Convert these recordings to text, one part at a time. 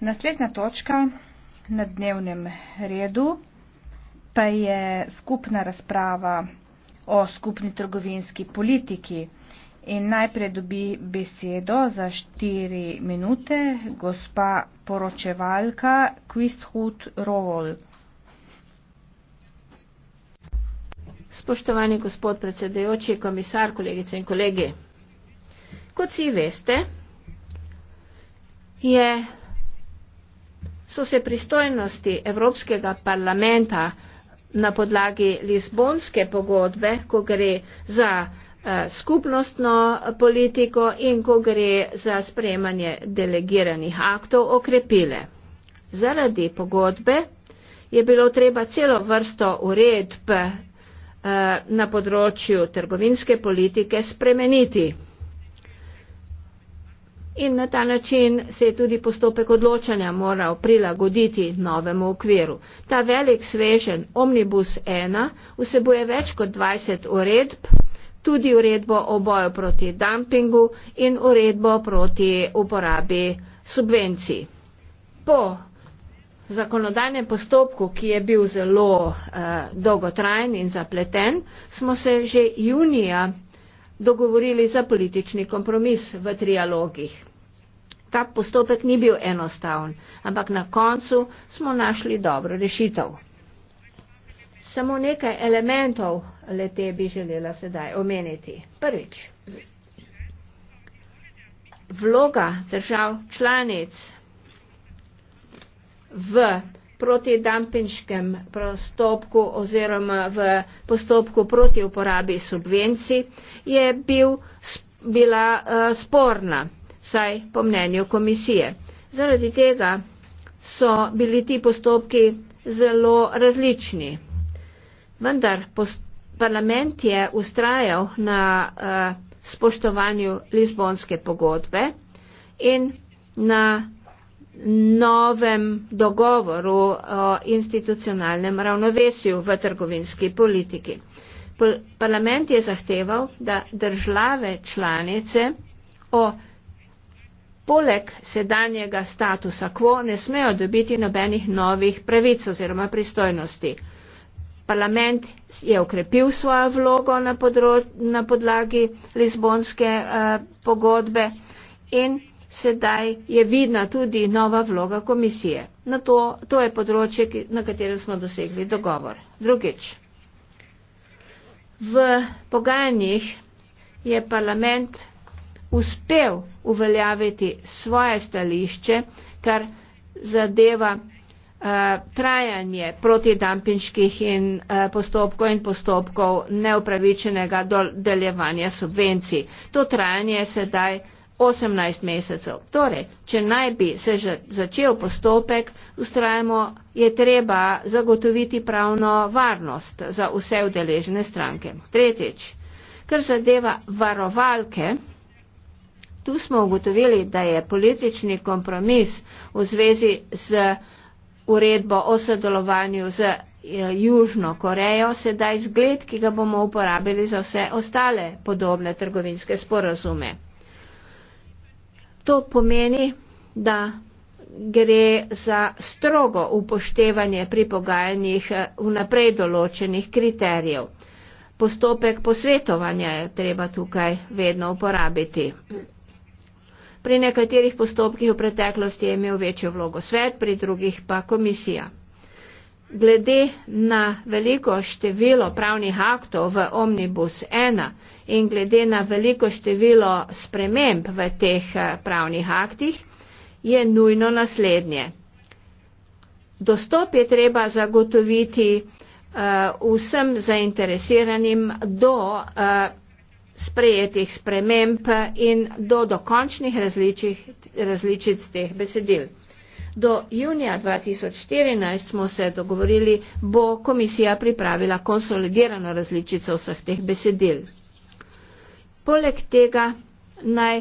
Naslednja točka na dnevnem redu pa je skupna razprava o skupni trgovinski politiki. In najprej dobi besedo za štiri minute gospa poročevalka Quisthut Rovol. Spoštovani gospod predsedujoči, komisar, kolegice in kolegi kot si veste, je, so se pristojnosti Evropskega parlamenta na podlagi Lizbonske pogodbe, ko gre za eh, skupnostno politiko in ko gre za sprejemanje delegiranih aktov okrepile. Zaradi pogodbe je bilo treba celo vrsto uredb eh, na področju trgovinske politike spremeniti in na ta način se je tudi postopek odločanja moral prilagoditi novemu okviru. Ta velik svežen Omnibus 1 vsebuje več kot 20 uredb, tudi uredbo o boju proti dumpingu in uredbo proti uporabi subvencij. Po zakonodajnem postopku, ki je bil zelo eh, dolgotrajen in zapleten, smo se že junija dogovorili za politični kompromis v trialogih. Ta postopek ni bil enostaven, ampak na koncu smo našli dobro rešitev. Samo nekaj elementov le te bi želela sedaj omeniti. Prvič, vloga držav članic v protidampinškem postopku oziroma v postopku proti uporabi subvencij je bil, bila uh, sporna saj po mnenju komisije. Zaradi tega so bili ti postopki zelo različni. Vendar parlament je ustrajal na uh, spoštovanju Lizbonske pogodbe in na novem dogovoru o institucionalnem ravnovesju v trgovinski politiki. Parlament je zahteval, da države članice o poleg sedanjega statusa quo ne smejo dobiti nobenih novih pravic oziroma pristojnosti. Parlament je ukrepil svojo vlogo na, na podlagi Lizbonske eh, pogodbe in sedaj je vidna tudi nova vloga komisije. Na to, to je področje, na katerem smo dosegli dogovor. Drugič. V pogajanjih je parlament uspel uveljaviti svoje stališče, kar zadeva uh, trajanje protidampinških in, uh, postopkov in postopkov neupravičenega deljevanja subvencij. To trajanje je sedaj 18 mesecev. Torej, če naj bi se že začel postopek, ustrajamo, je treba zagotoviti pravno varnost za vse udeležene stranke. Tretjič, kar zadeva varovalke, Tu smo ugotovili, da je politični kompromis v zvezi z uredbo o sodelovanju z eh, Južno Korejo sedaj zgled, ki ga bomo uporabili za vse ostale podobne trgovinske sporazume. To pomeni, da gre za strogo upoštevanje pri pogajanjih eh, vnaprej določenih kriterijev. Postopek posvetovanja je treba tukaj vedno uporabiti. Pri nekaterih postopkih v preteklosti je imel večjo vlogo svet, pri drugih pa komisija. Glede na veliko število pravnih aktov v Omnibus 1 in glede na veliko število sprememb v teh eh, pravnih aktih, je nujno naslednje. Dostop je treba zagotoviti uh, vsem zainteresiranim do uh, sprejetih sprememb in do dokončnih različih, različic teh besedil. Do junija 2014 smo se dogovorili, bo komisija pripravila konsolidirano različico vseh teh besedil. Poleg tega naj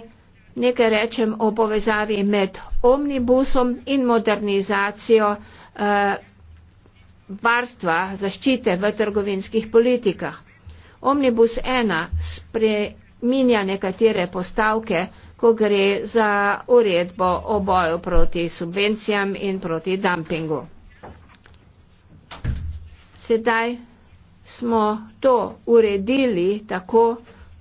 nekaj rečem o povezavi med omnibusom in modernizacijo eh, varstva zaščite v trgovinskih politikah. Omnibus 1 spreminja nekatere postavke, ko gre za uredbo o boju proti subvencijam in proti dumpingu. Sedaj smo to uredili tako,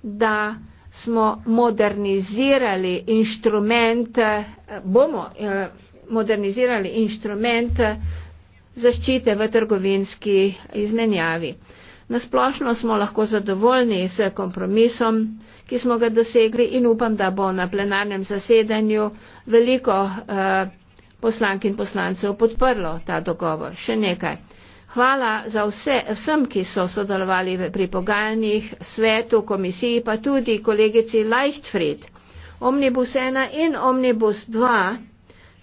da smo modernizirali inštrument, bomo eh, modernizirali inštrument zaščite v trgovinski izmenjavi. Nasplošno smo lahko zadovoljni s kompromisom, ki smo ga dosegli in upam, da bo na plenarnem zasedanju veliko eh, poslank in poslancev podprlo ta dogovor. Še nekaj. Hvala za vse, vsem, ki so sodelovali pri pogajanjih, svetu, komisiji, pa tudi kolegici Leichtfried. Omnibus 1 in Omnibus 2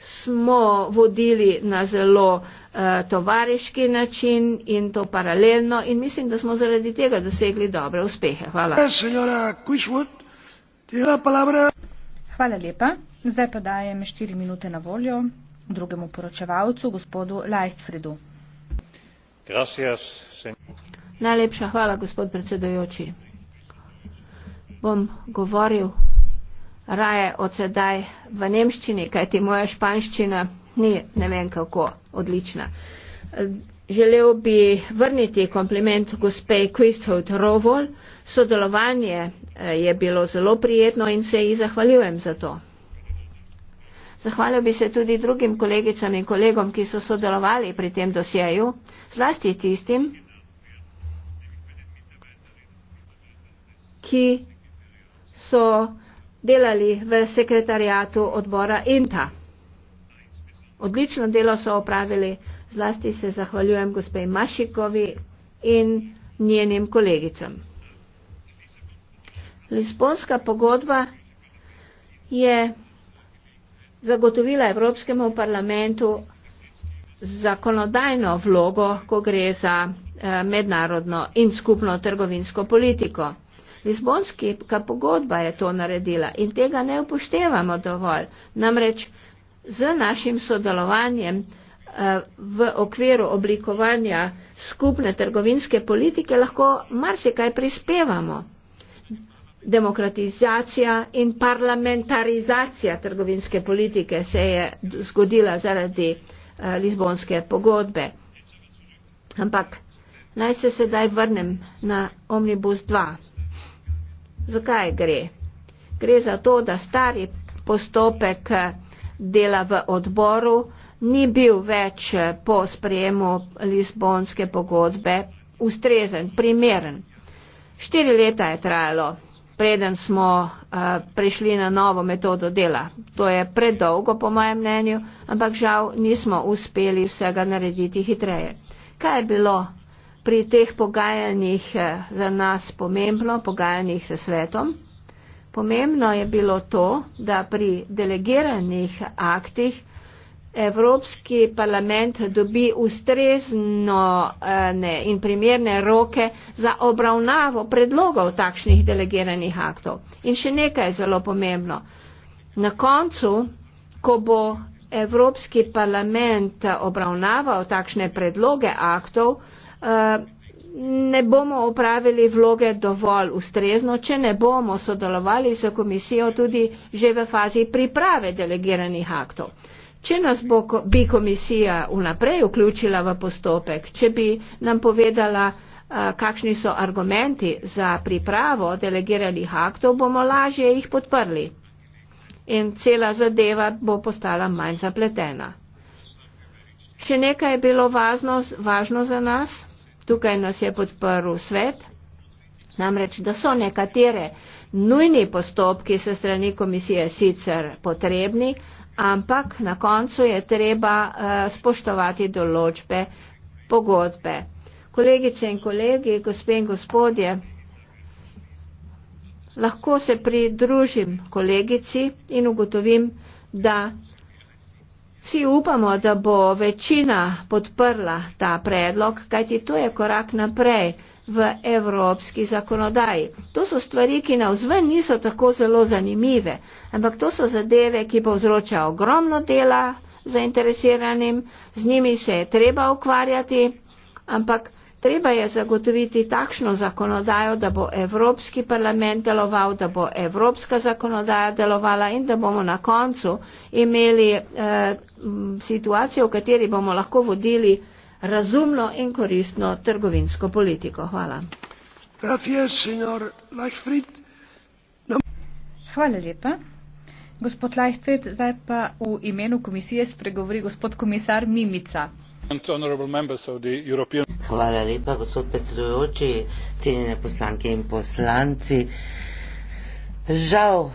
smo vodili na zelo eh, tovariški način in to paralelno in mislim, da smo zaradi tega dosegli dobre uspehe. Hvala. Eh, hvala lepa. Zdaj pa dajem štiri minute na voljo drugemu poročevalcu, gospodu Leichtfriedu. Najlepša hvala, gospod predsedojoči. Bom govoril raje od sedaj v nemščini, kajti moja španščina ni ne vem kako odlična. Želel bi vrniti kompliment gospe Quisthout Rovol. Sodelovanje eh, je bilo zelo prijetno in se ji zahvaljujem za to. Zahvalil bi se tudi drugim kolegicam in kolegom, ki so sodelovali pri tem dosjeju, zlasti tistim, ki so delali v sekretarijatu odbora INTA. Odlično delo so opravili, zlasti se zahvaljujem gospe Mašikovi in njenim kolegicam. Lisbonska pogodba je zagotovila Evropskemu parlamentu zakonodajno vlogo, ko gre za eh, mednarodno in skupno trgovinsko politiko. Lizbonska pogodba je to naredila in tega ne upoštevamo dovolj. Namreč z našim sodelovanjem eh, v okviru oblikovanja skupne trgovinske politike lahko marsikaj prispevamo. Demokratizacija in parlamentarizacija trgovinske politike se je zgodila zaradi eh, Lizbonske pogodbe. Ampak naj se sedaj vrnem na Omnibus 2. Zakaj gre? Gre za to, da stari postopek eh, dela v odboru ni bil več eh, po sprejemu Lizbonske pogodbe ustrezen, primeren. Štiri leta je trajalo, preden smo uh, eh, prišli na novo metodo dela. To je predolgo, po mojem mnenju, ampak žal nismo uspeli vsega narediti hitreje. Kaj je bilo pri teh pogajanjih eh, za nas pomembno, pogajanjih s svetom. Pomembno je bilo to, da pri delegiranih aktih Evropski parlament dobi ustrezno eh, ne, in primerne roke za obravnavo predlogov takšnih delegiranih aktov. In še nekaj je zelo pomembno. Na koncu, ko bo Evropski parlament obravnaval takšne predloge aktov, ne bomo opravili vloge dovolj ustrezno, če ne bomo sodelovali z komisijo tudi že v fazi priprave delegiranih aktov. Če nas bo, bi komisija vnaprej vključila v postopek, če bi nam povedala, kakšni so argumenti za pripravo delegiranih aktov, bomo lažje jih podprli in cela zadeva bo postala manj zapletena. Še nekaj je bilo važno, važno za nas. Tukaj nas je podprl svet, namreč, da so nekatere nujni postopki se strani komisije sicer potrebni, ampak na koncu je treba uh, spoštovati določbe pogodbe. Kolegice in kolegi, gospe in gospodje, lahko se pridružim kolegici in ugotovim, da Vsi upamo, da bo večina podprla ta predlog, kajti to je korak naprej v evropski zakonodaji. To so stvari, ki na vzven niso tako zelo zanimive, ampak to so zadeve, ki povzročajo ogromno dela zainteresiranim, z njimi se je treba ukvarjati, ampak Treba je zagotoviti takšno zakonodajo, da bo Evropski parlament deloval, da bo Evropska zakonodaja delovala in da bomo na koncu imeli eh, situacijo, v kateri bomo lahko vodili razumno in koristno trgovinsko politiko. Hvala. No. Hvala lepa. Gospod Lajfred, zdaj pa v imenu komisije spregovori gospod komisar Mimica. Hvala lepa, gospod predsedujoči, cenjene poslanke in poslanci. Žal eh,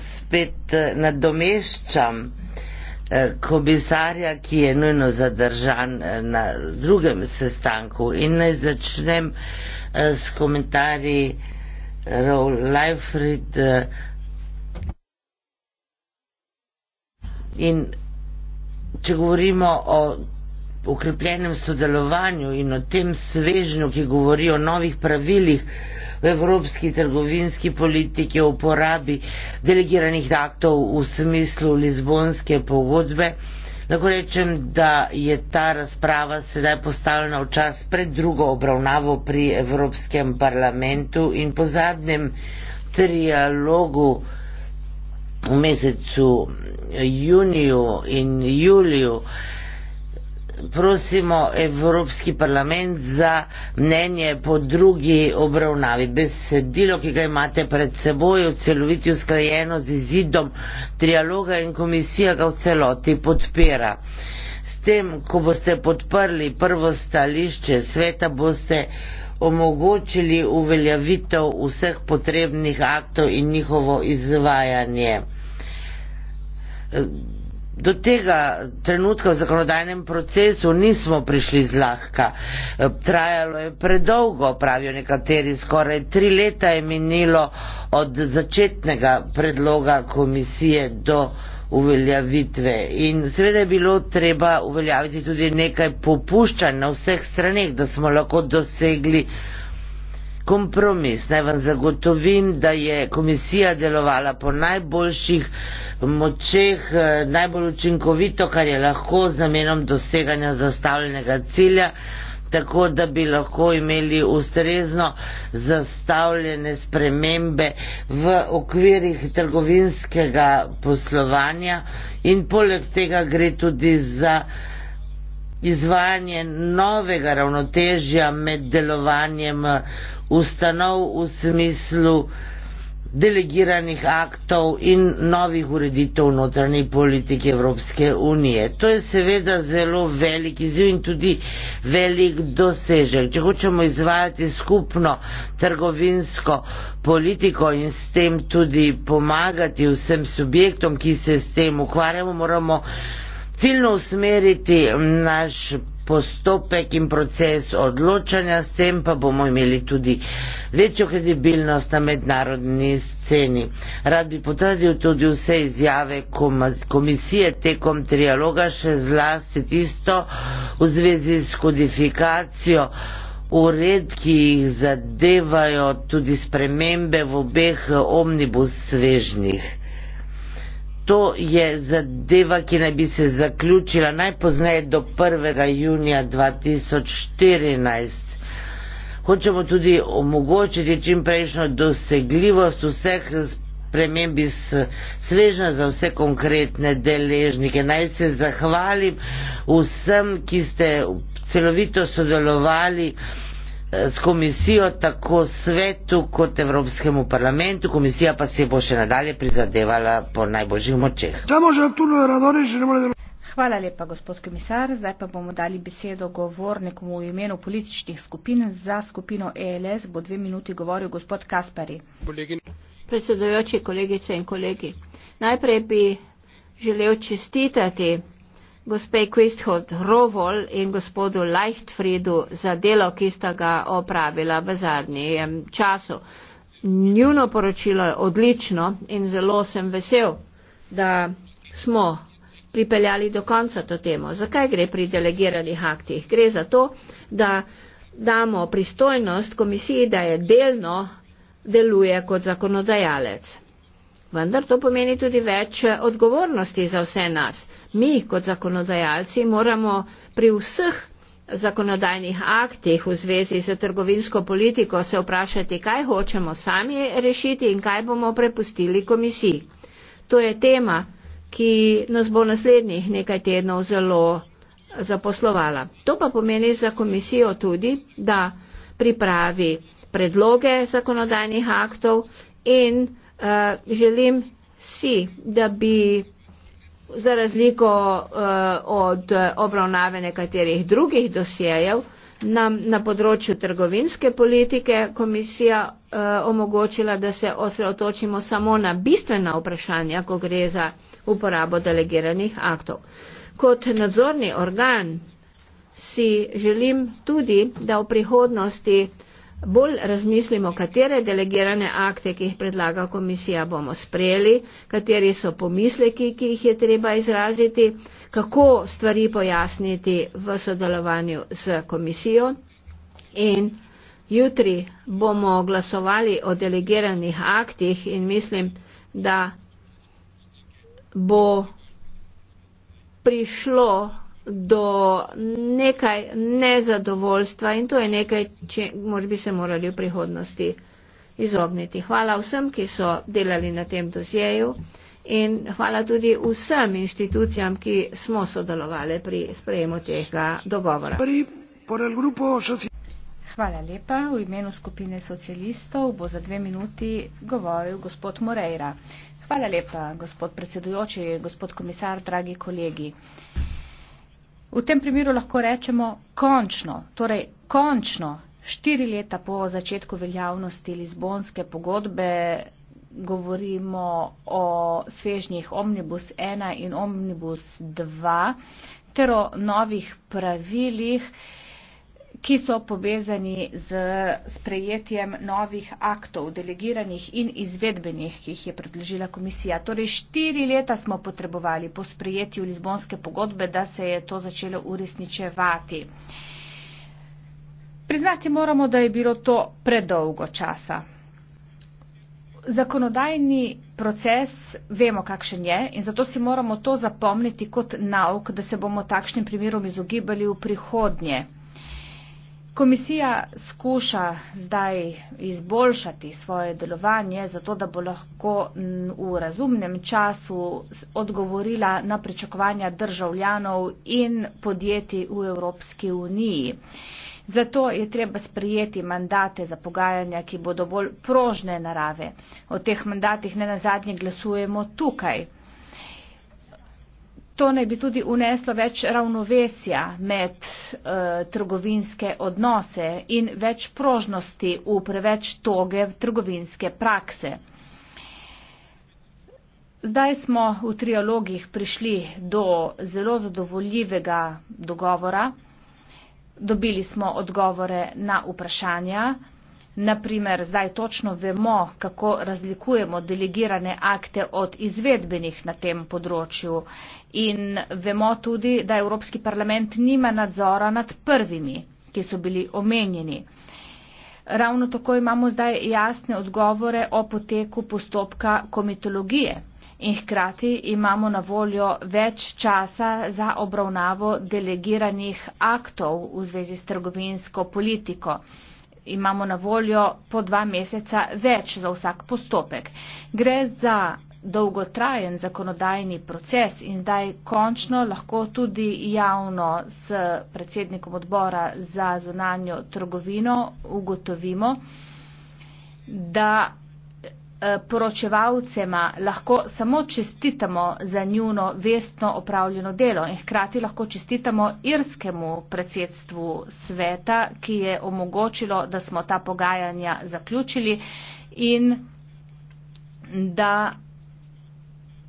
spet eh, nadomeščam eh, komisarja, ki je nujno zadržan na drugem sestanku in naj začnem s komentarji Rov Leifrid in če govorimo o ukrepljenem sodelovanju in o tem svežnju, ki govori o novih pravilih v evropski trgovinski politiki, o uporabi delegiranih aktov v smislu Lizbonske pogodbe. Lahko rečem, da je ta razprava sedaj postavljena v čas pred drugo obravnavo pri Evropskem parlamentu in po zadnjem trialogu v mesecu juniju in juliju prosimo Evropski parlament za mnenje po drugi obravnavi. Besedilo, ki ga imate pred seboj, v celoviti usklajeno z izidom trialoga in komisija ga v celoti podpira. S tem, ko boste podprli prvo stališče sveta, boste omogočili uveljavitev vseh potrebnih aktov in njihovo izvajanje. Do tega trenutka v zakonodajnem procesu nismo prišli zlahka. E, trajalo je predolgo, pravijo nekateri, skoraj tri leta je minilo od začetnega predloga komisije do uveljavitve. In seveda je bilo treba uveljaviti tudi nekaj popuščanj na vseh straneh, da smo lahko dosegli kompromis. Naj vam zagotovim, da je komisija delovala po najboljših močeh, eh, najbolj učinkovito, kar je lahko z namenom doseganja zastavljenega cilja tako da bi lahko imeli ustrezno zastavljene spremembe v okvirih trgovinskega poslovanja in poleg tega gre tudi za izvajanje novega ravnotežja med delovanjem ustanov v smislu delegiranih aktov in novih ureditev notranje politike Evropske unije. To je seveda zelo velik izziv in tudi velik dosežek. Če hočemo izvajati skupno trgovinsko politiko in s tem tudi pomagati vsem subjektom, ki se s tem ukvarjamo, moramo ciljno usmeriti naš postopek in proces odločanja, s tem pa bomo imeli tudi večjo kredibilnost na mednarodni sceni. Rad bi potrdil tudi vse izjave komisije tekom trialoga, še zlasti tisto v zvezi s kodifikacijo ured, ki jih zadevajo tudi spremembe v obeh omnibus svežnih to je zadeva, ki naj bi se zaključila najpozneje do 1. junija 2014. Hočemo tudi omogočiti čimprejšnjo dosegljivost vseh spremembi svežna za vse konkretne deležnike. Naj se zahvalim vsem, ki ste celovito sodelovali s komisijo, tako svetu kot Evropskemu parlamentu. Komisija pa se bo še nadalje prizadevala po najboljših močeh. Hvala lepa, gospod komisar. Zdaj pa bomo dali besedo govornikom v imenu političnih skupin. Za skupino ELS bo dve minuti govoril gospod Kaspari. Predsedujoči, kolegice in kolegi. Najprej bi želel čestitati gospe Kvisthod Rovol in gospodu Leichtfriedu za delo, ki sta ga opravila v zadnjem času. Njuno poročilo je odlično in zelo sem vesel, da smo pripeljali do konca to temo. Zakaj gre pri delegiranih aktih? Gre za to, da damo pristojnost komisiji, da je delno deluje kot zakonodajalec. Vendar to pomeni tudi več odgovornosti za vse nas mi kot zakonodajalci moramo pri vseh zakonodajnih aktih v zvezi z trgovinsko politiko se vprašati, kaj hočemo sami rešiti in kaj bomo prepustili komisiji. To je tema, ki nas bo naslednjih nekaj tednov zelo zaposlovala. To pa pomeni za komisijo tudi, da pripravi predloge zakonodajnih aktov in uh, želim si, da bi za razliko uh, od obravnave nekaterih drugih dosjejev, nam na področju trgovinske politike komisija uh, omogočila, da se osredotočimo samo na bistvena vprašanja, ko gre za uporabo delegiranih aktov. Kot nadzorni organ si želim tudi, da v prihodnosti bolj razmislimo, katere delegirane akte, ki jih predlaga komisija, bomo sprejeli, kateri so pomisleki, ki jih je treba izraziti, kako stvari pojasniti v sodelovanju z komisijo. In jutri bomo glasovali o delegiranih aktih in mislim, da bo prišlo do nekaj nezadovoljstva in to je nekaj, če morda bi se morali v prihodnosti izogniti. Hvala vsem, ki so delali na tem dosjeju in hvala tudi vsem inštitucijam, ki smo sodelovali pri sprejemu tega dogovora. Hvala lepa. V imenu skupine socialistov bo za dve minuti govoril gospod Moreira. Hvala lepa, gospod predsedujoči, gospod komisar, dragi kolegi. V tem primeru lahko rečemo končno, torej končno, štiri leta po začetku veljavnosti Lizbonske pogodbe, govorimo o svežnjih Omnibus 1 in Omnibus 2 ter o novih pravilih, ki so povezani z sprejetjem novih aktov, delegiranih in izvedbenih, ki jih je predložila komisija. Torej, štiri leta smo potrebovali po sprejetju Lizbonske pogodbe, da se je to začelo uresničevati. Priznati moramo, da je bilo to predolgo časa. Zakonodajni proces vemo, kakšen je in zato si moramo to zapomniti kot nauk, da se bomo takšnim primerom izogibali v prihodnje. Komisija skuša zdaj izboljšati svoje delovanje, zato da bo lahko v razumnem času odgovorila na pričakovanja državljanov in podjetij v Evropski uniji. Zato je treba sprijeti mandate za pogajanja, ki bodo bolj prožne narave. O teh mandatih ne na zadnje glasujemo tukaj. To naj bi tudi uneslo več ravnovesja med e, trgovinske odnose in več prožnosti v preveč toge trgovinske prakse. Zdaj smo v trialogih prišli do zelo zadovoljivega dogovora. Dobili smo odgovore na vprašanja. Naprimer, zdaj točno vemo, kako razlikujemo delegirane akte od izvedbenih na tem področju in vemo tudi, da Evropski parlament nima nadzora nad prvimi, ki so bili omenjeni. Ravno tako imamo zdaj jasne odgovore o poteku postopka komitologije in hkrati imamo na voljo več časa za obravnavo delegiranih aktov v zvezi s trgovinsko politiko imamo na voljo po dva meseca več za vsak postopek. Gre za dolgotrajen zakonodajni proces in zdaj končno lahko tudi javno s predsednikom odbora za zunanjo trgovino ugotovimo, da Eh, poročevalcema lahko samo čestitamo za njuno vestno opravljeno delo in hkrati lahko čestitamo irskemu predsedstvu sveta, ki je omogočilo, da smo ta pogajanja zaključili in da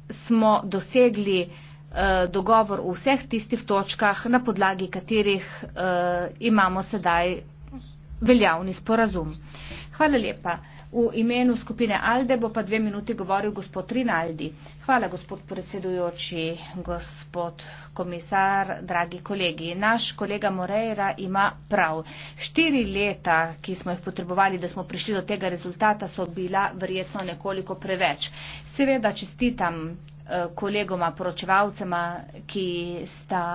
smo dosegli eh, dogovor v vseh tistih točkah, na podlagi katerih eh, imamo sedaj veljavni sporazum. Hvala lepa. V imenu skupine Alde bo pa dve minuti govoril gospod Rinaldi. Hvala, gospod predsedujoči, gospod komisar, dragi kolegi. Naš kolega Moreira ima prav. Štiri leta, ki smo jih potrebovali, da smo prišli do tega rezultata, so bila verjetno nekoliko preveč. Seveda čestitam eh, kolegoma poročevalcema, ki, sta,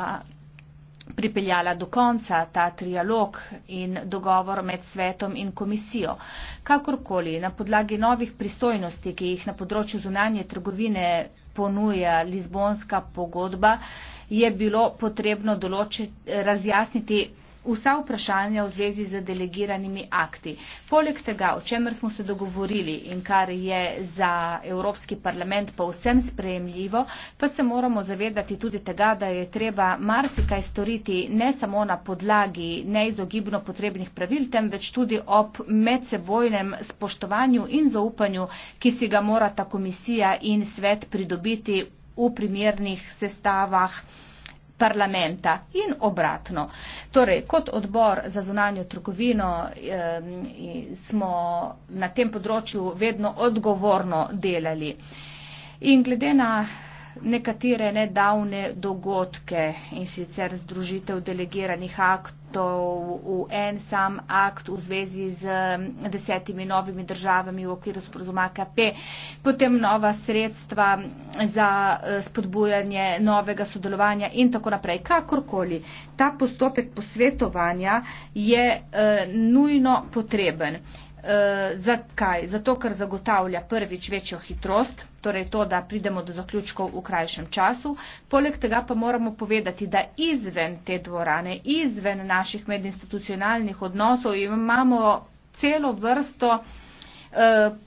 pripeljala do konca ta trialog in dogovor med svetom in komisijo. Kakorkoli, na podlagi novih pristojnosti, ki jih na področju zunanje trgovine ponuja Lizbonska pogodba, je bilo potrebno določiti, razjasniti vsa vprašanja v zvezi z delegiranimi akti. Poleg tega, o čemer smo se dogovorili in kar je za Evropski parlament pa vsem sprejemljivo, pa se moramo zavedati tudi tega, da je treba marsikaj storiti ne samo na podlagi neizogibno potrebnih pravil, temveč tudi ob medsebojnem spoštovanju in zaupanju, ki si ga mora ta komisija in svet pridobiti v primernih sestavah parlamenta in obratno. Torej, kot odbor za zunanjo trgovino smo na tem področju vedno odgovorno delali. In glede na nekatere nedavne dogodke in sicer združitev delegiranih aktov, to v, v en sam akt v zvezi z desetimi novimi državami v okviru sporozuma KP, potem nova sredstva za e, spodbujanje novega sodelovanja in tako naprej. Kakorkoli, ta postopek posvetovanja je eh, nujno potreben. Eh, zakaj? Zato, ker zagotavlja prvič večjo hitrost torej to, da pridemo do zaključkov v krajšem času. Poleg tega pa moramo povedati, da izven te dvorane, izven naših medinstitucionalnih odnosov imamo celo vrsto. Uh,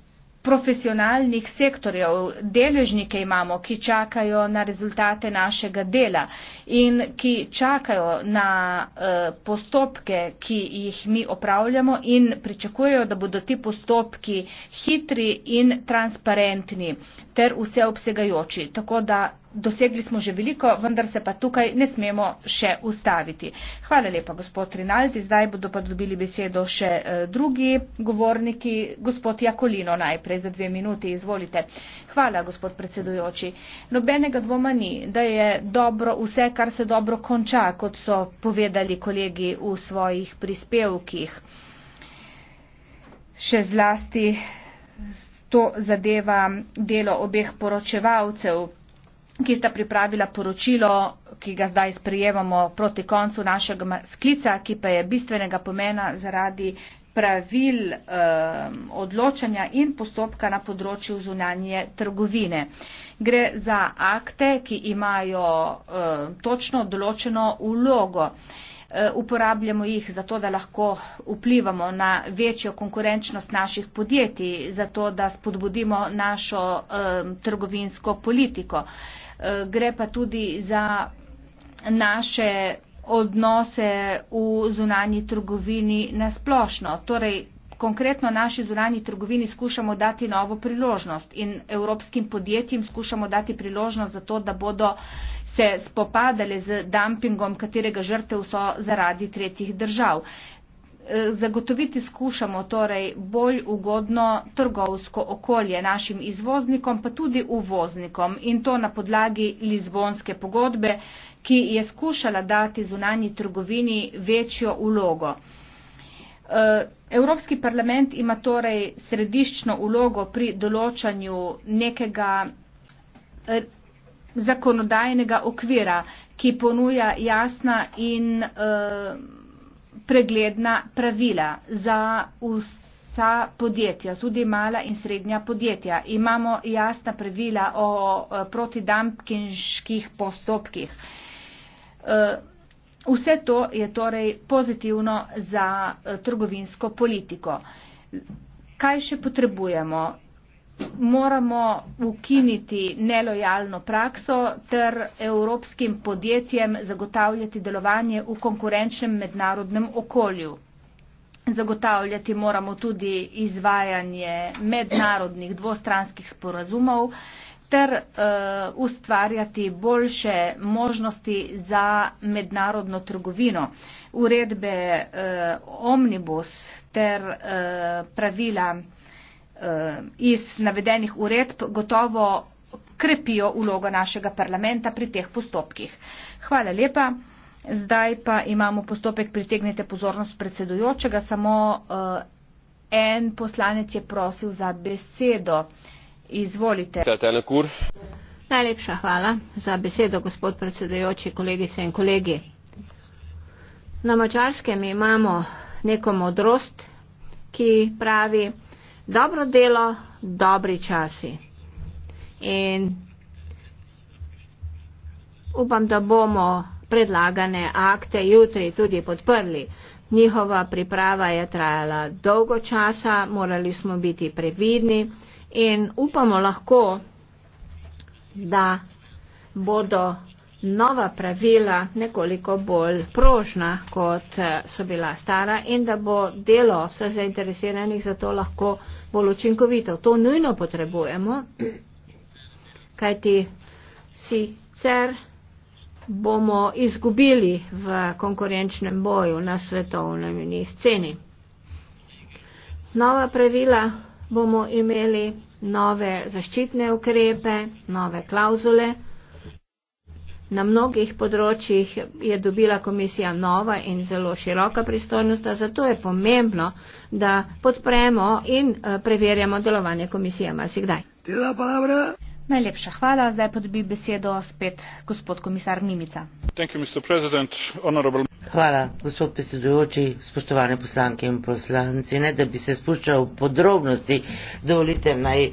profesionalnih sektorjev, deležnike imamo, ki čakajo na rezultate našega dela in ki čakajo na eh, postopke, ki jih mi opravljamo in pričakujejo, da bodo ti postopki hitri in transparentni ter vseobsegajoči. Tako da dosegli smo že veliko, vendar se pa tukaj ne smemo še ustaviti. Hvala lepa, gospod Rinaldi. Zdaj bodo pa dobili besedo še eh, drugi govorniki, gospod Jakolino najprej za dve minuti. Izvolite. Hvala, gospod predsedujoči. Nobenega dvoma ni, da je dobro vse, kar se dobro konča, kot so povedali kolegi v svojih prispevkih. Še zlasti to zadeva delo obeh poročevalcev ki sta pripravila poročilo, ki ga zdaj sprejemamo proti koncu našega sklica, ki pa je bistvenega pomena zaradi pravil eh, odločanja in postopka na področju zunanje trgovine. Gre za akte, ki imajo eh, točno določeno ulogo. E, uporabljamo jih zato, da lahko vplivamo na večjo konkurenčnost naših podjetij, zato da spodbudimo našo eh, trgovinsko politiko. Eh, Eh, gre pa tudi za naše odnose v zunanji trgovini na splošno. Torej, konkretno naši zunanji trgovini skušamo dati novo priložnost in evropskim podjetjem skušamo dati priložnost za to, da bodo se spopadali z dumpingom, katerega žrtev so zaradi tretjih držav zagotoviti skušamo torej bolj ugodno trgovsko okolje našim izvoznikom, pa tudi uvoznikom in to na podlagi Lizbonske pogodbe, ki je skušala dati zunanji trgovini večjo ulogo. E, Evropski parlament ima torej središčno ulogo pri določanju nekega e, zakonodajnega okvira, ki ponuja jasna in eh, pregledna pravila za vsa podjetja, tudi mala in srednja podjetja. Imamo jasna pravila o eh, protidampkinških postopkih. Eh, vse to je torej pozitivno za eh, trgovinsko politiko. Kaj še potrebujemo? moramo ukiniti nelojalno prakso ter evropskim podjetjem zagotavljati delovanje v konkurenčnem mednarodnem okolju. Zagotavljati moramo tudi izvajanje mednarodnih dvostranskih sporazumov ter uh, ustvarjati boljše možnosti za mednarodno trgovino. Uredbe uh, omnibus ter uh, pravila Eh, iz navedenih uredb gotovo krepijo ulogo našega parlamenta pri teh postopkih. Hvala lepa. Zdaj pa imamo postopek pritegnite pozornost predsedujočega. Samo uh, en poslanec je prosil za besedo. Izvolite. Najlepša hvala za besedo, gospod predsedujoči, kolegice in kolegi. Na mačarskem imamo neko modrost, ki pravi, dobro delo, dobri časi. In upam, da bomo predlagane akte jutri tudi podprli. Njihova priprava je trajala dolgo časa, morali smo biti previdni in upamo lahko, da bodo nova pravila nekoliko bolj prožna, kot so bila stara in da bo delo vseh zainteresiranih za to lahko bolj učinkovito. To nujno potrebujemo, kajti sicer bomo izgubili v konkurenčnem boju na svetovnem sceni. Nova pravila bomo imeli nove zaščitne ukrepe, nove klauzule. Na mnogih področjih je dobila komisija nova in zelo široka pristojnost, zato je pomembno, da podpremo in eh, preverjamo delovanje komisije marsikdaj. Najlepša hvala. Zdaj pa dobi besedo spet gospod komisar Mimica. Hvala, gospod predsedujoči, spoštovane poslanke in poslanci. Ne, da bi se spuščal v podrobnosti, dovolite naj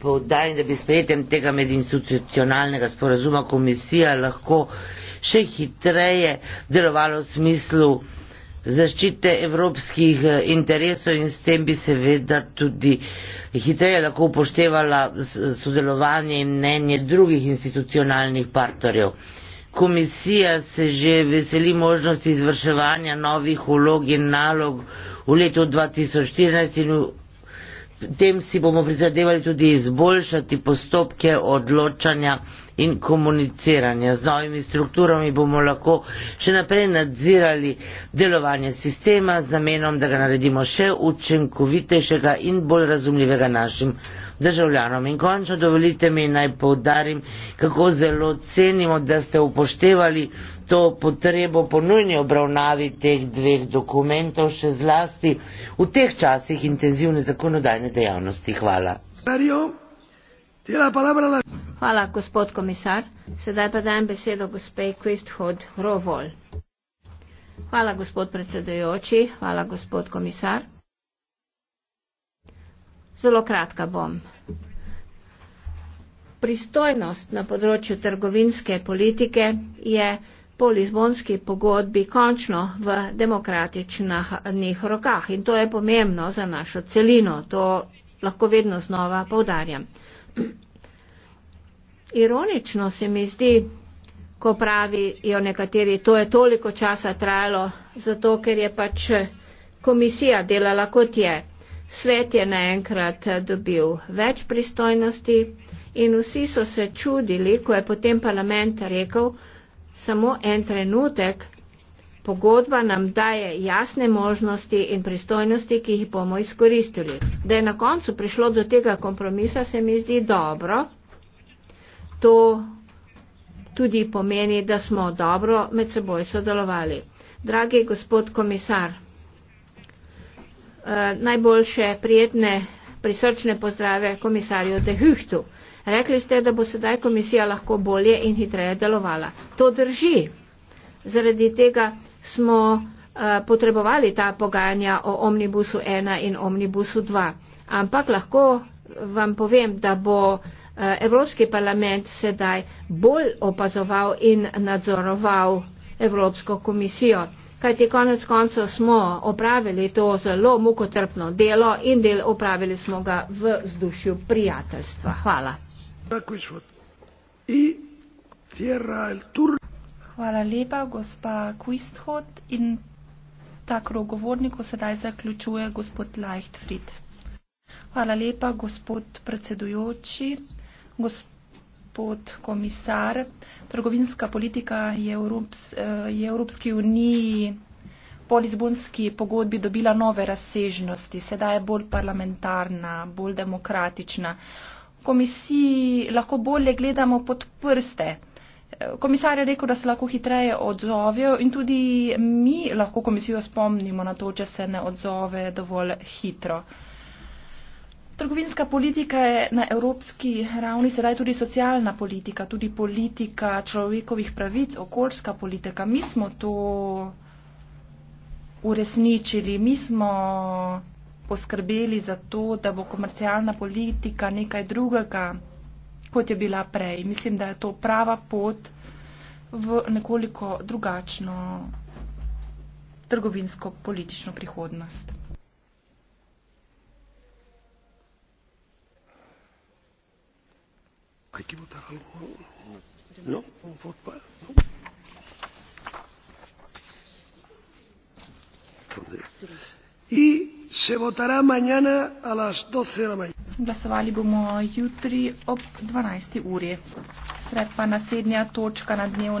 Povdajam, da bi sprejetjem tega medinstitucionalnega sporazuma komisija lahko še hitreje delovalo v smislu zaščite evropskih eh, interesov in s tem bi seveda tudi hitreje lahko upoštevala eh, sodelovanje in mnenje drugih institucionalnih partnerjev. Komisija se že veseli možnosti izvrševanja novih ulog in nalog v letu 2014 in tem si bomo prizadevali tudi izboljšati postopke odločanja in komuniciranja. Z novimi strukturami bomo lahko še naprej nadzirali delovanje sistema z namenom, da ga naredimo še učinkovitejšega in bolj razumljivega našim državljanom. In končno dovolite mi naj povdarim, kako zelo cenimo, da ste upoštevali to potrebo po nujni obravnavi teh dveh dokumentov, še zlasti v teh časih intenzivne zakonodajne dejavnosti. Hvala. Hvala, gospod komisar. Sedaj pa dajem besedo gospe Quisthod Rovol. Hvala, gospod predsedujoči. Hvala, gospod komisar. Zelo kratka bom. Pristojnost na področju trgovinske politike je po Lizbonski pogodbi končno v demokratičnih rokah in to je pomembno za našo celino, to lahko vedno znova povdarjam. Ironično se mi zdi, ko pravijo nekateri, to je toliko časa trajalo, zato ker je pač komisija delala kot je. Svet je naenkrat dobil več pristojnosti in vsi so se čudili, ko je potem parlament rekel, samo en trenutek, pogodba nam daje jasne možnosti in pristojnosti, ki jih bomo izkoristili. Da je na koncu prišlo do tega kompromisa, se mi zdi dobro. To tudi pomeni, da smo dobro med seboj sodelovali. Dragi gospod komisar, eh, najboljše prijetne prisrčne pozdrave komisarju Dehuhtu. Rekli ste, da bo sedaj komisija lahko bolje in hitreje delovala. To drži. Zaradi tega smo uh, potrebovali ta pogajanja o omnibusu 1 in omnibusu 2. Ampak lahko vam povem, da bo uh, Evropski parlament sedaj bolj opazoval in nadzoroval Evropsko komisijo. Kaj ti konec koncev smo opravili to zelo mukotrpno delo in del opravili smo ga v vzdušju prijateljstva. Hvala. Hvala lepa, gospa Kvisthod. In ta krog govornikov sedaj zaključuje gospod Leichtfried. Hvala lepa, gospod predsedujoči, gospod komisar. Trgovinska politika je v Evrops, Evropski uniji po Lizbonski pogodbi dobila nove razsežnosti. Sedaj je bolj parlamentarna, bolj demokratična komisiji lahko bolje gledamo pod prste. Komisar je rekel, da se lahko hitreje odzovejo in tudi mi lahko komisijo spomnimo na to, če se ne odzove dovolj hitro. Trgovinska politika je na evropski ravni sedaj tudi socialna politika, tudi politika človekovih pravic, okoljska politika. Mi smo to uresničili, mi smo poskrbeli za to, da bo komercialna politika nekaj drugega, kot je bila prej. Mislim, da je to prava pot v nekoliko drugačno trgovinsko politično prihodnost. Kaj ti bo ta halo? No, fot pa. No se votará mañana a las 12 de la mañana. Glasovali bomo jutri ob 12. uri. Sredpa naslednja točka na dnevnem